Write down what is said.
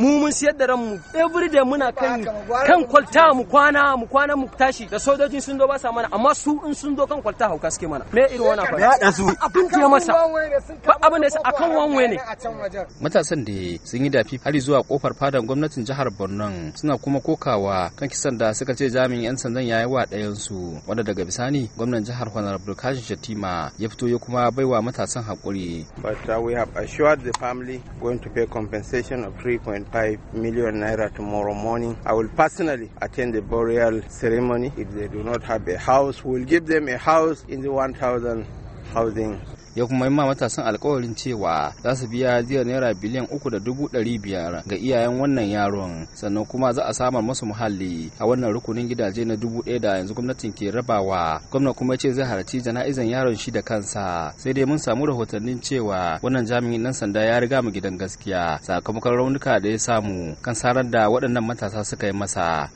mu mun siyar da ranmu every day muna kan kan kwalta mu kwana mu kwana mu tashi da sojojin sun zo ba sa mana amma su in sun zo kan kwalta hauka suke mana me irin wani akwai? ya da su abin ke masa ba abin da akan wanwe ne matasan da sun yi dafi har zuwa kofar fadan gwamnatin jihar Borno suna kuma kokawa kan kisan da suka ce jami'in yan sandan yayi wa ɗayan su wanda daga bisani gwamnan jihar Honorable Kashi Shatima ya fito ya kuma baiwa matasan hakuri but uh, we have assured the family going to pay compensation of 3. 1.5 million naira tomorrow morning. I will personally attend the burial ceremony. If they do not have a house, we'll give them a house in the 1000 housing ya kuma yi ma matasan alkawarin cewa za su biya jiyar naira biliyan uku da dubu ɗari biyar ga iyayen wannan yaron sannan kuma za a samar masu muhalli a wannan rukunin gidaje na dubu ɗaya da yanzu gwamnatin ke rabawa gwamna kuma ce zai halarci jana'izan yaron shi da kansa sai dai mun samu rahotannin cewa wannan jami'in nan sanda ya riga mu gidan gaskiya sakamakon raunuka da ya samu kan sarar da waɗannan matasa suka yi masa